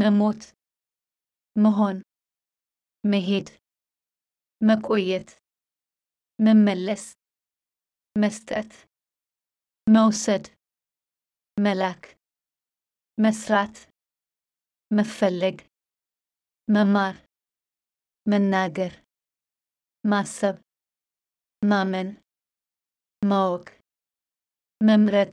መሞት፣ መሆን፣ መሄድ፣ መቆየት፣ መመለስ፣ መስጠት፣ መውሰድ፣ መላክ፣ መስራት፣ መፈለግ፣ መማር፣ መናገር፣ ማሰብ፣ ማመን፣ ማወቅ፣ መምረጥ